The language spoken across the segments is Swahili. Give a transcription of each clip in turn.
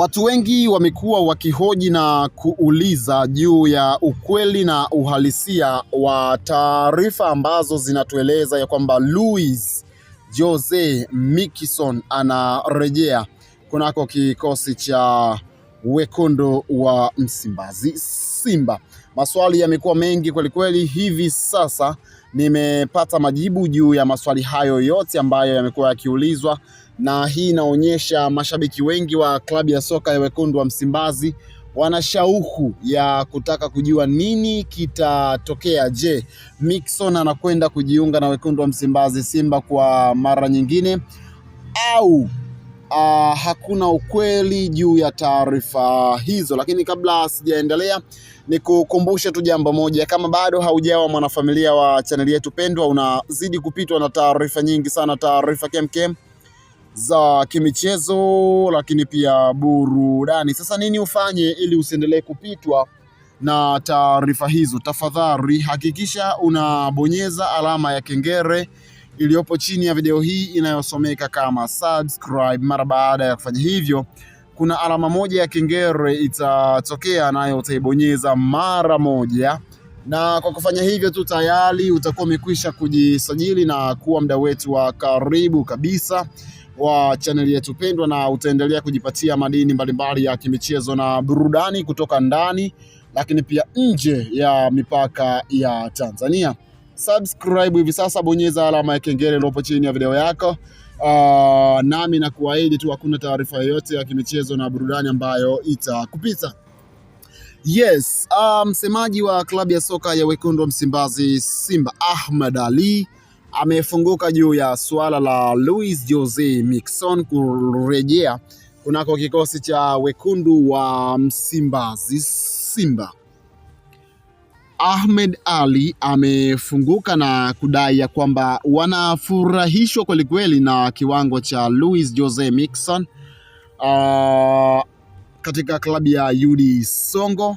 Watu wengi wamekuwa wakihoji na kuuliza juu ya ukweli na uhalisia wa taarifa ambazo zinatueleza ya kwamba Luis Jose Miquissone anarejea kunako kikosi cha wekundu wa Msimbazi Simba. Maswali yamekuwa mengi kwelikweli. Hivi sasa nimepata majibu juu ya maswali hayo yote ambayo yamekuwa yakiulizwa na hii inaonyesha mashabiki wengi wa klabu ya soka ya wekundu wa Msimbazi wana shauku ya kutaka kujua nini kitatokea. Je, Mixon anakwenda kujiunga na wekundu wa Msimbazi Simba kwa mara nyingine au Uh, hakuna ukweli juu ya taarifa hizo, lakini kabla sijaendelea, ni tu jambo moja. Kama bado haujawa mwanafamilia wa chaneli yetu pendwa, unazidi kupitwa na taarifa nyingi sana, taarifa kemkem za kimichezo, lakini pia burudani. Sasa nini ufanye ili usiendelee kupitwa na taarifa hizo? Tafadhali hakikisha unabonyeza alama ya kengele iliyopo chini ya video hii inayosomeka kama subscribe. Mara baada ya kufanya hivyo, kuna alama moja ya kengele itatokea, nayo utaibonyeza mara moja, na kwa kufanya hivyo tu tayari utakuwa umekwisha kujisajili na kuwa mda wetu wa karibu kabisa wa chaneli yetu pendwa, na utaendelea kujipatia madini mbalimbali ya kimichezo na burudani kutoka ndani lakini pia nje ya mipaka ya Tanzania. Subscribe hivi sasa, bonyeza alama ya kengele iliyopo chini ya video yako. Uh, nami na kuahidi tu hakuna taarifa yoyote ya kimichezo na burudani ambayo itakupita. Yes, ah, msemaji um, wa klabu ya soka ya wekundu wa Msimbazi Simba Ahmed Ally amefunguka juu ya suala la Luis Jose Miquissone kurejea kunako kikosi cha wekundu wa Msimbazi Simba. Ahmed Ali amefunguka na kudai ya kwamba wanafurahishwa kwelikweli na kiwango cha Luis Jose Miquissone uh, katika klabu ya UD Songo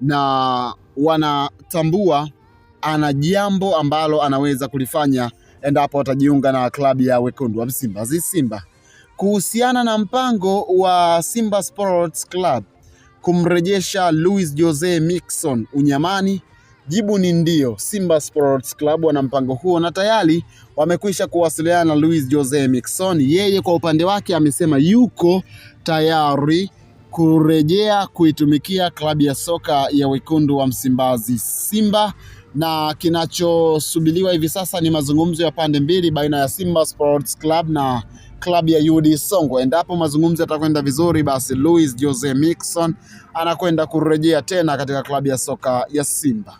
na wanatambua ana jambo ambalo anaweza kulifanya endapo atajiunga na klabu ya wekundu wa Msimbazi Simba. Kuhusiana na mpango wa Simba Sports Club kumrejesha Luis Jose Mixon unyamani, jibu ni ndio. Simba Sports Club wana mpango huo na tayari wamekwisha kuwasiliana na Luis Jose Mixon. Yeye kwa upande wake amesema yuko tayari kurejea kuitumikia klabu ya soka ya wekundu wa Msimbazi Simba na kinachosubiriwa hivi sasa ni mazungumzo ya pande mbili baina ya Simba Sports Club na klabu ya UD Songwe. Endapo mazungumzo yatakwenda vizuri, basi Luis Jose mixon anakwenda kurejea tena katika klabu ya soka ya Simba.